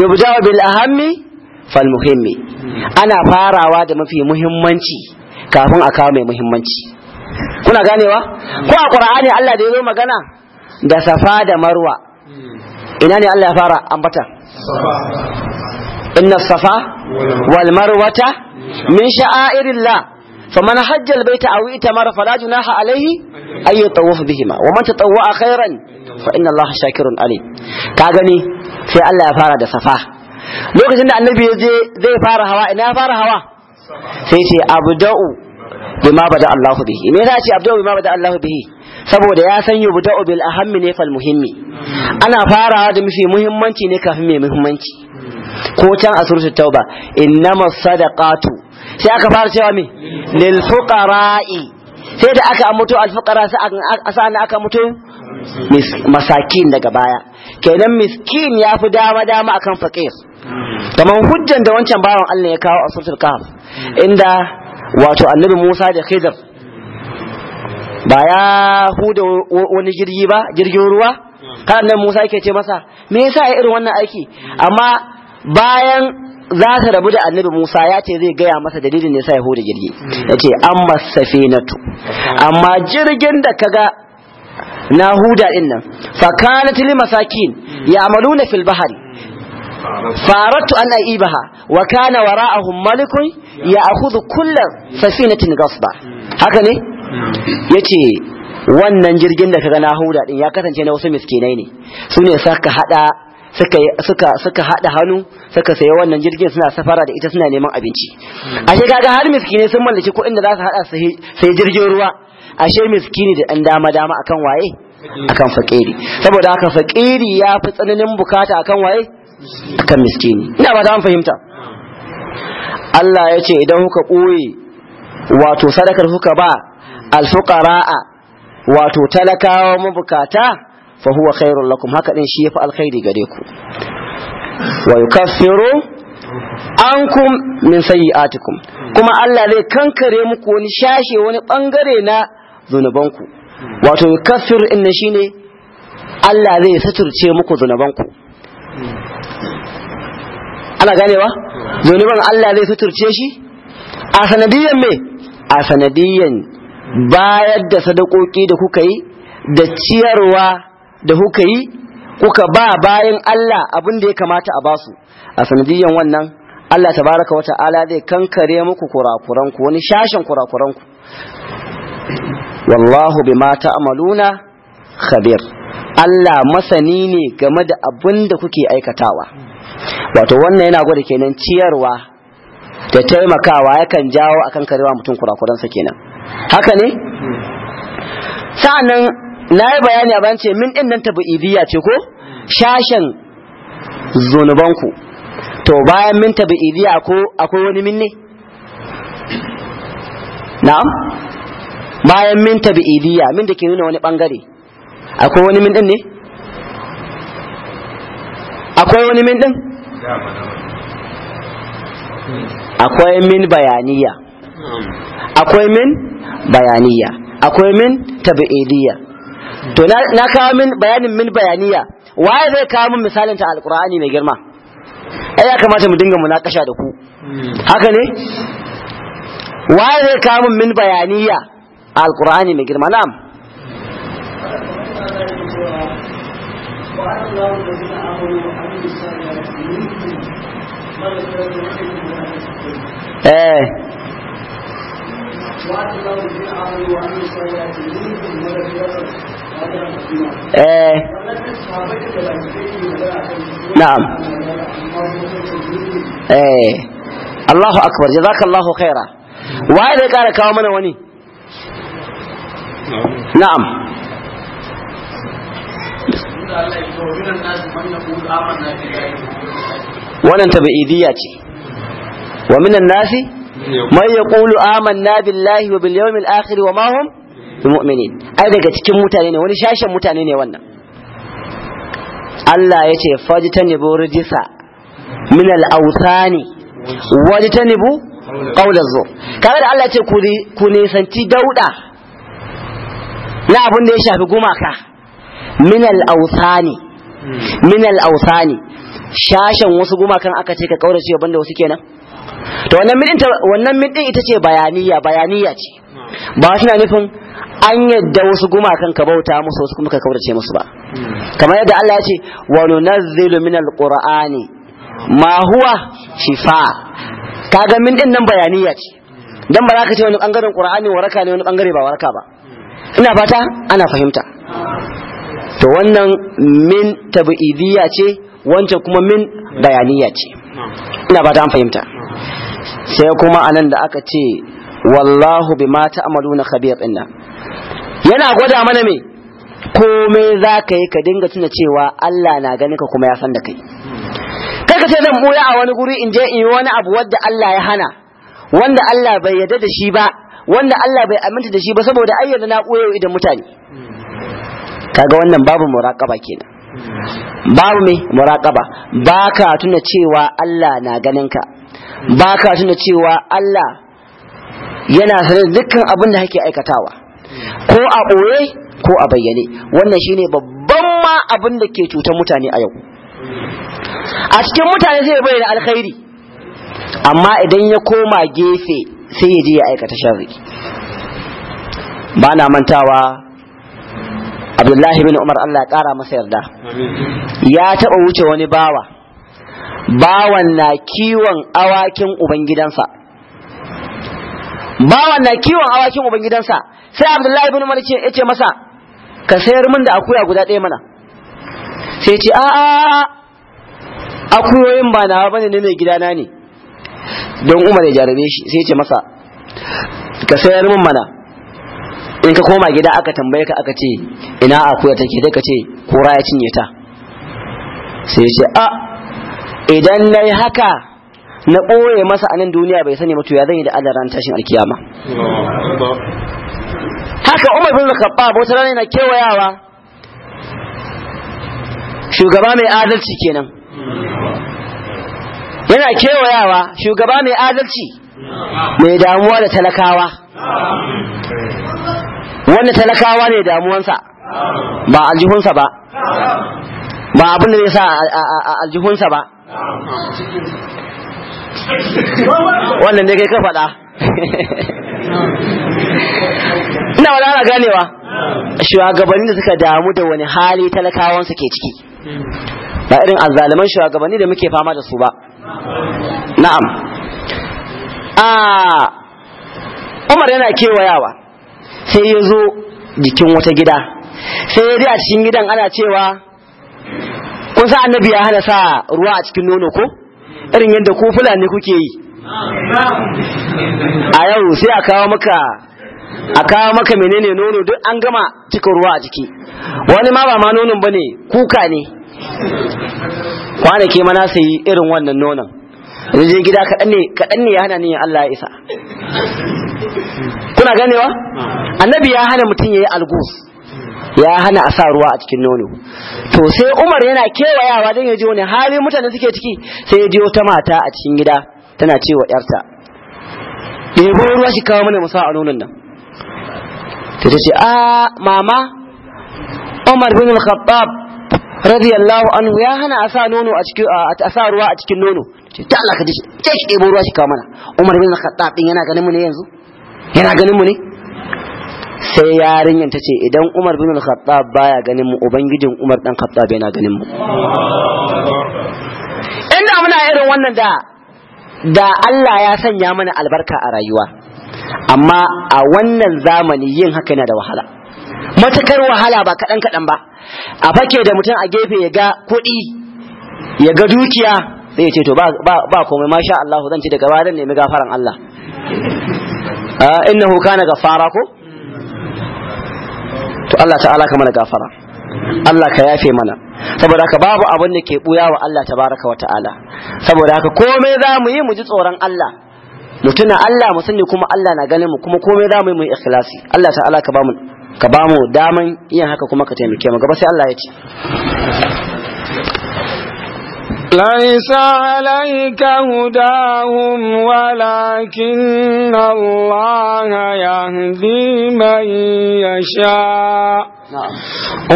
yubda bil ahammi fal muhimmi ana farawa da mafi muhimmanci kafin a kawo mai muhimmanci kuna ganewa ko a qur'ani Allah da yazo magana da safa da marwa ina ne Allah ya fara ambata inna safa wal marwata min sha'airillah فمن حج fala junaha alayhi فلا جناح bihima wa man tatawwa khairan fa inna Allah shakirun alim ka gani sai Allah ya fara da safa lokacin da annabi ya je zai fara hawa ina ya fara hawa sai ce abda'u bima bada Allahu bihi me yasa ce abda'u bima bada Allahu bihi saboda ya san yubda'u bil ahammi ne fal muhimmi ana farawa da mafi muhimmanci ne kafin mai muhimmanci ko can a suratul tauba innama sadaqatu sai aka fara cewa me lil fuqara'i sai da aka ambato al fuqara sai aka ambato masakin daga baya kenan miskin ya fi dama dama akan fakir hmm. kamar hujjan da wancan bawan Allah ya kawo a sultul kahf inda wato annabi Musa da khidr ba ya huda wani jirgi ba jirgin ruwa kan nan Musa yake ce masa me yasa ya irin wannan aiki amma bayan za ta rabu da annabi Musa ya ce zai gaya masa dalilin ne sa ya huda jirgi hmm. ya ce an masafinatu amma jirgin da kaga na huda din nan fa kanat lil masakin ya'maluna fil bahri faratu an aibaha wa kana wara'ahum malikun ya'khudhu kulla safinatin ghasba haka ne yace wannan jirgin da kaga na huda din ya kasance na wasu miskinai ne Sune saka hada suka suka suka hada hannu suka sayi wannan jirgin suna safara da ita suna neman abinci ashe kaga har miskinai sun mallaki ko da za su hada su sai jirgin ruwa ashe miskini da ɗan dama dama akan waye akan fakiri saboda haka fakiri ya fi tsananin bukata akan waye akan miskini ina ba ta fahimta Allah ya ce idan kuka ɓoye wato sadakar kuka ba alfuqara'a wato talakawa mabukata fa huwa khairul lakum haka din shi yafi alkhairi gare ku wa yukaffiru ankum min sayyi'atikum kuma Allah zai kankare muku wani shashe wani bangare na zunubanku wato kafir in shi shine Allah zai suturce muku zunubanku ana ganewa zunuban Allah zai suturce shi a sanadiyan me a sanadiyan bayar da sadakoki da kuka yi da ciyarwa da kuka yi kuka ba bayan Allah abin da ya kamata a basu a sanadiyan wannan Allah tabaraka wata ala zai kankare muku kurakuranku wani shashin kurakuranku wallahu بما تعملون khabir Allah masani ne game da abin da kuke aikatawa wato wannan yana gwada kenan ciyarwa da taimakawa yakan jawo akan karewa mutum kurakuransa kenan haka ne sa'annan na yi bayani a bance min din nan tabi'idiyya ce ko shashen zunubanku to bayan min tabi'idiyya ko akwai wani min ne na'am bayan min tabi'idiyya min da ke nuna wani bangare akwai wani min din ne akwai wani min din akwai min bayaniya akwai min bayaniya akwai min tabi'idiyya to na kawo min bayanin min bayaniya waye zai kawo min misalin ta alqur'ani mai girma ai ya kamata mu dinga munakasha da ku hmm. haka ne waye zai kawo min min bayaniya القرآن مگر منام ايه. ايه. نعم ايه الله اكبر جزاك الله خيرا وهذا قال كامل وني na'am wannan tabi'idiyya ce wa minan nasi mai ya amanna billahi wa bil yawmil akhir wa ma hum mu'minin ai daga cikin mutane ne wani shashen mutane ne wannan Allah ya ce fajtanibu rijisa min al-awthani wajtanibu qawla zur kaga da Allah ya ce ku nisanci dauda na abin da ya shafi gumaka minal ausani hmm. minal ausani shashan wasu gumakan aka ce ka kaurace banda wasu kenan to wannan min wannan min din ita ce bayaniya bayaniya ce hmm. ba suna nufin an yadda wasu gumakan ka bauta musu wasu kuma ka kaurace musu ba hmm. kamar yadda Allah ya ce wa nunazzilu minal qur'ani ma huwa shifa kaga min din nan bayaniya ce dan ba za ka ce wani bangaren qur'ani waraka ne wani bangare ba waraka ba ina fata ana fahimta to wannan min tabi'idiyya ce wancan kuma min bayaniya ce ina fata an fahimta sai kuma anan da aka ce wallahu bima ta'maluna khabir inna yana gwada mana me komai za ka yi ka dinga tuna cewa Allah na gani ka kuma ya san da kai kai ka ce zan buya a wani guri in je in yi wani abu wanda Allah ya hana wanda Allah bai yarda da shi ba wanda Allah bai aminta da shi ba saboda ayyana na koyo idan mutane kaga wannan babu muraqaba kenan babu me muraqaba baka tuna cewa Allah na ganin ka baka tuna cewa Allah yana sanin dukkan abin da kake aikatawa ko a boye ko a bayyane wannan shine babban ma abin da ke cutar mutane a yau a cikin mutane zai bayyana alkhairi amma idan ya koma gefe sai ya je ya aikata sharri ba na mantawa abdullahi bin umar allah ya kara masa yarda ya taba wuce wani bawa bawan na kiwon awakin ubangidansa bawan na kiwon awakin ubangidansa sai abdullahi bin umar ya ce masa ka sayar min da akuya guda ɗaya mana sai ce a'a akuyoyin ba nawa bane ne mai gidana ne don umar ya jarabe shi sai ce masa ka sayar min mana in ka koma gida aka tambaye ka aka ce ina akuya take sai ka ce kura ya cinye ta sai ya ce a idan na yi haka na ɓoye masa a nan duniya bai sani mutu ya zan yi da Allah ran tashin alkiyama haka umar bin khattab wata rana yana kewayawa shugaba mai adalci kenan yana kewayawa shugaba mai adalci mai damuwa da talakawa wanda talakawa ne damuwansa ba aljihunsa ba ba abin da zai sa aljihunsa ba wannan ne kai ka faɗa ina wani ana ganewa shugabanni da suka damu da wani hali talakawansa ke ciki ba irin azzaliman shugabanni da muke fama da su ba na'am a ah, umar yana kewayawa sai ya zo jikin wata gida sai ya ji a cikin gidan ana cewa kun sa annabi ya hana sa ruwa a cikin nono ko irin yadda ku fulani kuke yi a yau sai a kawo maka a kawo maka menene nono duk an gama cika ruwa a jiki wani ma ba ma nonon bane kuka ne Kwanaki mana su yi irin wannan nonon yanzu je gida kaɗan ne ya hana ni Allah ya isa kuna ganewa annabi ya hana mutum ya yi algus ya hana a sa ruwa a cikin nono to sai umar yana kewayawa don ya ji wani hali mutane suke ciki sai ya ji wata mata a cikin gida tana cewa yarta ɗebo ruwa shi kawo mana musa a nonon nan ta ce a ah, mama umar bin khattab radiyallahu anhu ya hana a sa nono a cikin a sa ruwa a cikin nono ce ta Allah ka ji ce ki ɗebo ruwa shi kawo mana Umar bin Khattab din yana ganin mu ne yanzu yana ganin mu ne sai yarinyar ta ce idan Umar bin Khattab baya ganin mu ubangijin Umar dan Khattab yana ganin mu inda muna irin wannan da da Allah ya sanya mana albarka a rayuwa amma a wannan zamani yin haka yana da wahala matakar wahala ba kaɗan kaɗan ba a fake da mutum a gefe ya ga kuɗi ya ga dukiya sai ya ce to ba komai masha Allah zan ci daga bayan nemi gafaran Allah innahu kana gafara ko to Allah ta'ala ka mana gafara Allah ka yafe mana saboda haka babu abin da ke buya wa Allah tabaraka wa ta'ala saboda haka komai za mu yi mu ji tsoron Allah mu tuna Allah mu sani kuma Allah na ganin mu kuma komai za mu yi mu ikhlasi Allah ta'ala ka ba mu ka ba mu daman iya haka kuma ka taimake mu gaba sai Allah ya ce laisa alayka hudahum walakin allaha yahdi man yasha نعم.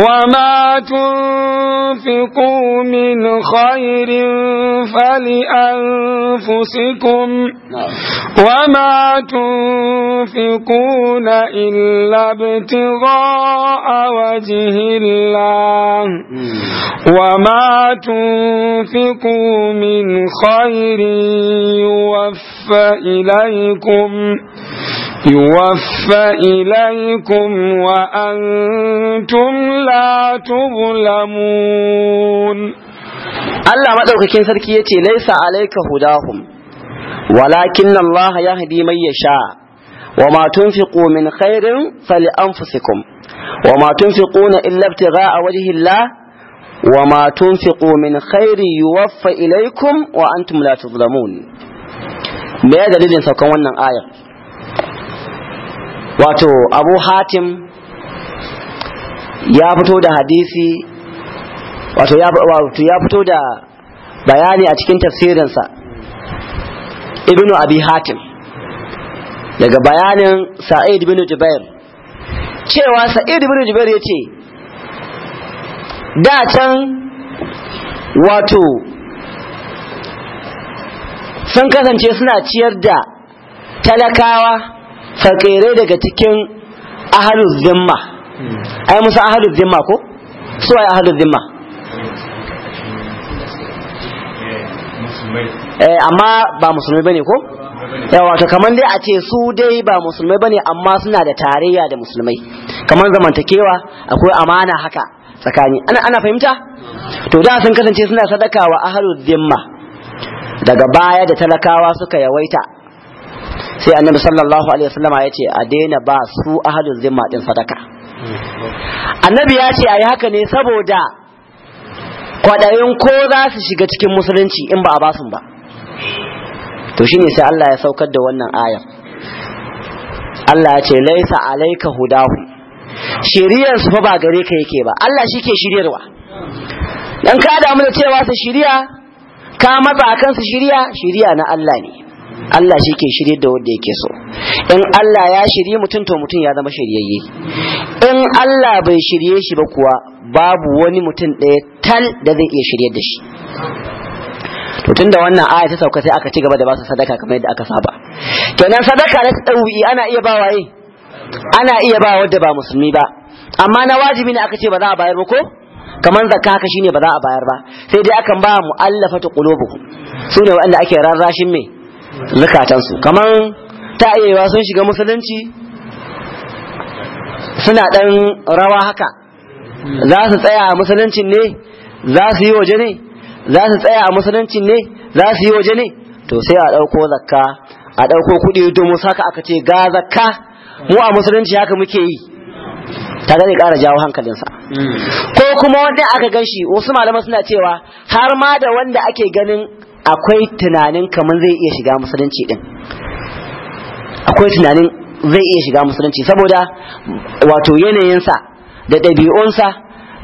وما تنفقوا من خير فلأنفسكم نعم. وما تنفقون إلا ابتغاء وجه الله وما تنفقوا من خير يوفى إليكم يوفى إليكم وأنتم لا تظلمون Allah maɗaukakin sarki yace ce, Laisa alaika hudahum, walakin Allah ya hadi mai ya sha, wa ma tunfiqu min khairin fali anfusikum, wa ma tunfiquna a ibtigha'a wajhillah, wa ma tunfiqu min khairi yuwaffa ilaikum wa latu la tuzlamun. Me ya dalilin saukan wannan ayar? wato abu hatim ya fito da hadisi wato ya fito da bayani a cikin tafsirinsa ibnu abi hatim daga bayanin sa'id bin jubair cewa sa'id bin jubair ya ce da can wato sun kasance suna ciyar da talakawa fakirai daga cikin ahalul zimma ai musa ahalul zimma ko su ai ahalul zimma eh amma ba musulmi bane ko yawa to kaman dai a ce su dai ba musulmai bane amma suna da tarayya da musulmai kaman zamantakewa akwai amana haka tsakani ana ana fahimta to da sun kasance suna sadaka wa ahalul Zimma? daga baya da talakawa suka yawaita sai annabi sallallahu alaihi wasallama ya ce a daina ba su ahalul zimma din sadaka annabi ya ce a yi haka ne saboda kwaɗayin ko za su shiga cikin musulunci in ba a basu ba to shine sai Allah ya saukar da wannan ayar Allah ya ce laisa alaika hudahu shiriyar su fa ba gare ka yake ba Allah shi ke shiryarwa dan ka da mu da cewa su shiriya ka matsa akan su shiriya shiriya na Allah ne Allah shi ke shirye da wanda yake so in Allah ya shirye mutum to mutum ya zama shiryayye in Allah bai shirye shi ba kuwa babu wani mutum ɗaya tal da zai iya shirye da shi to tunda wannan aya ta sauka sai aka ci gaba da ba su sadaka kamar yadda aka saba kenan sadaka na tsawi ana iya ba waye ana iya ba wanda ba musulmi ba amma na wajibi ne aka ce ba za a bayar ba ko kamar zakka haka shine ba za a bayar ba sai dai akan ba mu mu'allafatu qulubuhum sune wanda ake rarrashin me zukatansu kamar ta ayewa sun shiga musulunci suna ɗan rawa haka za su tsaya a musuluncin ne za su yi waje ne za su tsaya a musuluncin ne za su yi waje ne to sai a ɗauko zakka a ɗauko kuɗi domin saka aka ce ga zakka mu a musulunci haka muke yi ta gani ƙara jawo hankalinsa hmm. ko kuma wanda aka gan shi wasu malaman suna cewa har ma da wanda ake ganin akwai tunanin kamar zai iya shiga musulunci din akwai tunanin zai iya shiga musulunci saboda wato yanayinsa da ɗabi'unsa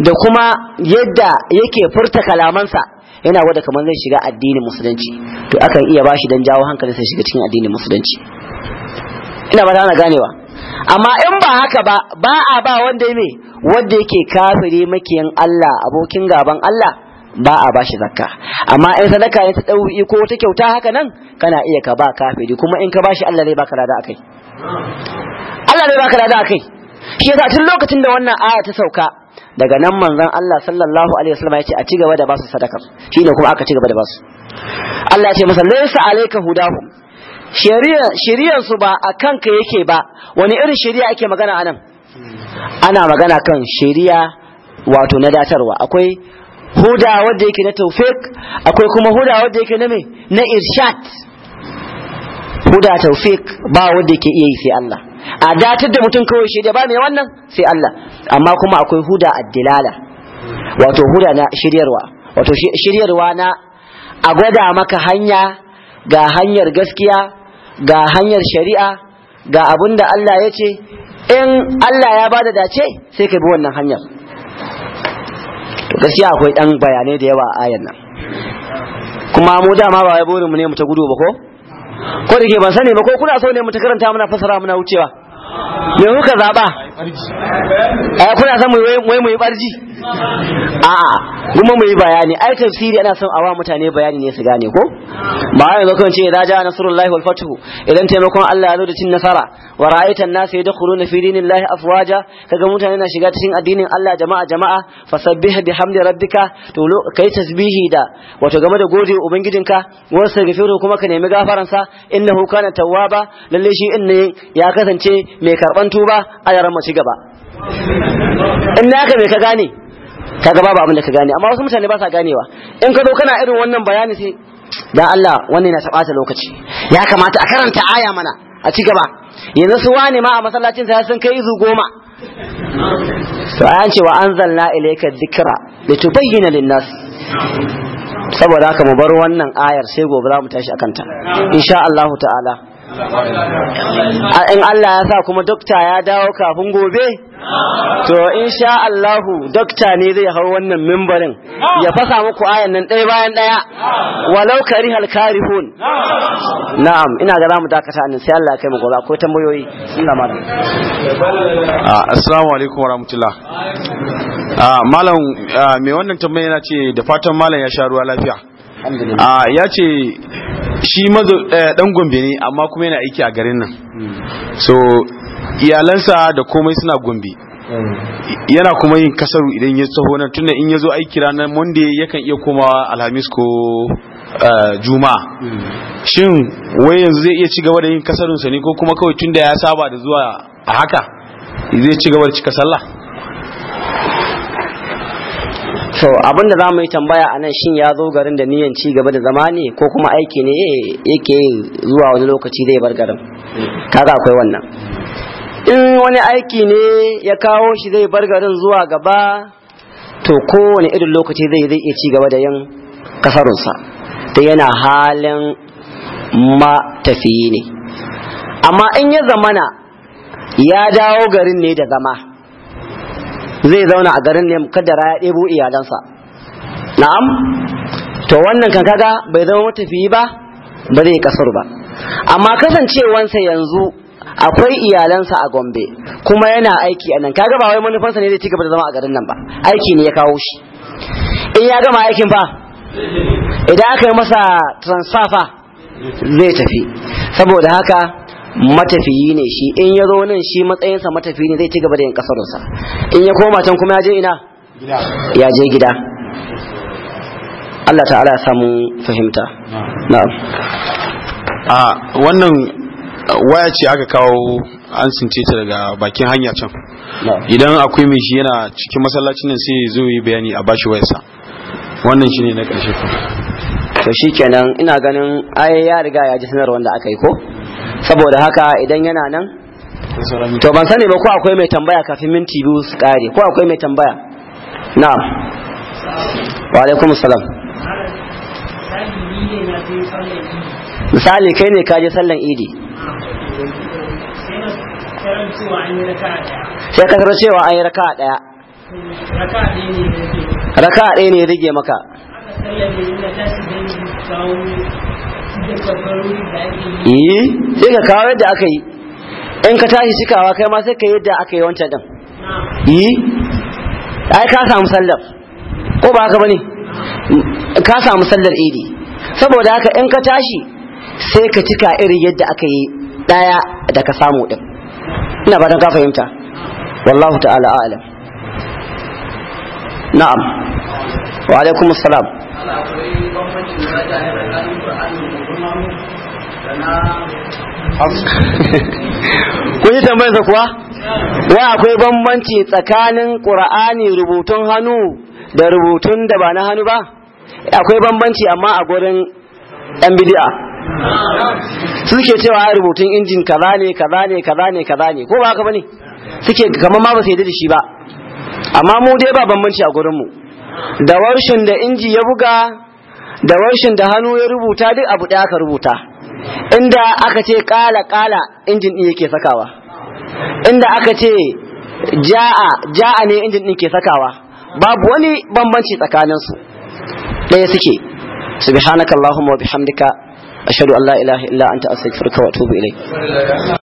da kuma yadda yake furta kalamansa yana wada kamar zai shiga addinin musulunci to akan iya bashi dan jawo hankali sai shiga cikin addinin musulunci ina ba ana ganewa amma in ba haka ba ba a ba wanda ne wanda yake kafiri makiyin Allah abokin gaban Allah ba a bashi zakka amma in sadaka ya ta dauki ko ta kyauta haka nan kana iya ka ba kafiri kuma in ka bashi Allah zai baka rada akai Allah zai baka rada akai shi yasa tun lokacin da wannan aya ta sauka daga nan manzon Allah sallallahu alaihi wasallam ya ce a cigaba da basu shi shine kuma aka cigaba da basu Allah ya ce masa laysa alayka hudahu shari'ar su ba a kanka yake ba wani irin shari'a ake magana anan ana magana kan shari'a wato na datarwa akwai huda wadda yake na taufik akwai kuma huda wadda yake na me na irshad huda taufik ba wadda yake iya yi sai Allah a datar da mutum kawai shirya ba mai wannan sai Allah amma kuma akwai huda addilala wato huda na shiryarwa wato shiryarwa na a gwada maka hanya ga hanyar gaskiya ga hanyar shari'a ga abin Allah ya ce in Allah ya bada dace sai ka bi wannan hanyar gaskiya akwai dan bayanai da yawa a ayan nan kuma mu dama ba wai burin mu ne mu ta gudu ba ko ko da ban sani ba ko kuna so ne mu ta karanta muna fasara muna wucewa me kuka zaba eh kuna san mu wai mu yi barji a'a kuma mu yi bayani ai tafsiri ana son a wa mutane bayani ne su gane ko ba yanzu kan ce idza jaa nasrullahi wal fathu idan taimakon Allah ya zo da cin nasara wa ra'aita an-nas yadkhuluna fi dinillahi afwaja kaga mutane na shiga cikin addinin Allah jama'a jama'a fasabbih bihamdi rabbika to kai tasbihi da wato game da gode ubangijinka wasa gafiru kuma ka nemi sa innahu kana tawwaba lalle shi inne ya kasance mai karbantu ba. a yaran ci gaba in ka gane ka gaba abin da ka gane amma wasu mutane ba sa ganewa in ka zo kana irin wannan bayani sai da Allah wannan yana taɓata lokaci ya kamata a karanta aya mana a ci gaba yanzu su wane ma a masallacin sa sun kai izu goma to an ce wa anzalna ilayka dhikra litubayyana lin-nas saboda haka mu bar wannan ayar sai gobe za mu tashi akanta insha Allah ta'ala in Allah ya sa kuma dokta ya dawo kafin gobe to insha Allahu dokta ne zai hau wannan mimbarin ya fasa muku ayan nan ɗaya bayan ɗaya walau halkari hun na'am ina ga zamu dakata nan sai Allah ya kai mu ko akwai tambayoyi Allah ma ah, assalamu alaikum warahmatullah ah, malam ah, me wannan tambayi yana ce da fatan malam ya sha ruwa lafiya Ah, ya ce shi eh, dan gombe ne amma kuma yana aiki a garin nan hmm. so iyalansa da komai suna gombe hmm. yana kuma yin kasar idan ya taho nan tunda in ya zo aiki ranar monday yakan iya komawa alhamis ko eh, juma'a hmm. shin wai yanzu zai iya ci gaba da yin kasarunsa ne ko kuma kawai tunda ya saba da zuwa a haka zai ci gaba da cika sallah so abinda za mu yi tambaya a nan shin ya zo garin da niyan ci gaba da zama ne ko kuma aiki ne eh, yake zuwa wani lokaci zai bar garin kaga akwai wannan in wani aiki ne ya kawo shi zai bar garin zuwa gaba to kowane irin lokaci zai zai iya ci gaba da yin kasarunsa ta yana halin matafiyi ne amma in ya zamana ya dawo garin ne da zama zai zauna a garin ne kaddara ya ɗebo iyalansa na'am to wannan kan kaga bai zama matafiyi ba ba zai kasar ba amma kasancewansa yanzu akwai iyalansa a gombe kuma yana aiki a nan kaga ba wai manufansa ne zai ci gaba da zama a garin nan ba aiki ne ya kawo shi in ya gama aikin fa idan aka yi masa transfer fa zai tafi saboda haka matafiyi ne shi in ya zo nan shi matsayinsa matafiyi ne zai ci gaba da yin kasarsa in ya koma can kuma ya je ina ya je gida Allah ta'ala ya samu fahimta na'am a wannan waya ce aka kawo an since ta daga bakin hanya can idan akwai mai shi yana cikin masallacin nan sai zo yi bayani a bashi wayarsa wannan shine na karshe to shikenan ina ganin ai ya riga ya ji sanar wanda aka yi ko saboda haka idan yana nan to ban sani ba ko akwai mai tambaya kafin minti biyu su kare ko akwai mai tambaya na'am wa alaikum salam misali kai ne kaje sallan idi sai ka tarar cewa an yi raka daya raka ɗaya ne ya rage maka Yi, sai ka kawo yadda aka yi in ka tashi cikawa kai ma sai ka yadda aka yi wancan din Yi, ai ka samu sallar ko ba haka bane ka samu sallar idi saboda haka in ka tashi sai ka cika irin yadda aka yi daya da ka samu din ina ba ka fahimta wallahu ta'ala a'lam na'am wa alaikumus salam kun yi tambayarsa kuwa wa akwai bambanci tsakanin ƙura'ani rubutun hannu da rubutun da ba na hannu ba akwai bambanci amma a gurin ɗan bidiya. suke cewa rubutun injin kaza ne kaza ne kaza ne kaza ne ko ba haka ne? suke kamar ma ba su yadda da shi ba amma mu dai ba bambanci a gurin mu da warshin da inji ya buga da wanshin da hannu ya rubuta duk abu ɗaya aka rubuta inda aka ce ƙala kala injin ɗin yake sakawa inda aka ce ja'a ja'a ne injin ɗin ke sakawa babu wani bambanci tsakaninsu ɗaya suke subhanakallahumma wa bihamdika ashhadu an la ilaha illa anta astaghfiruka wa atubu ilayk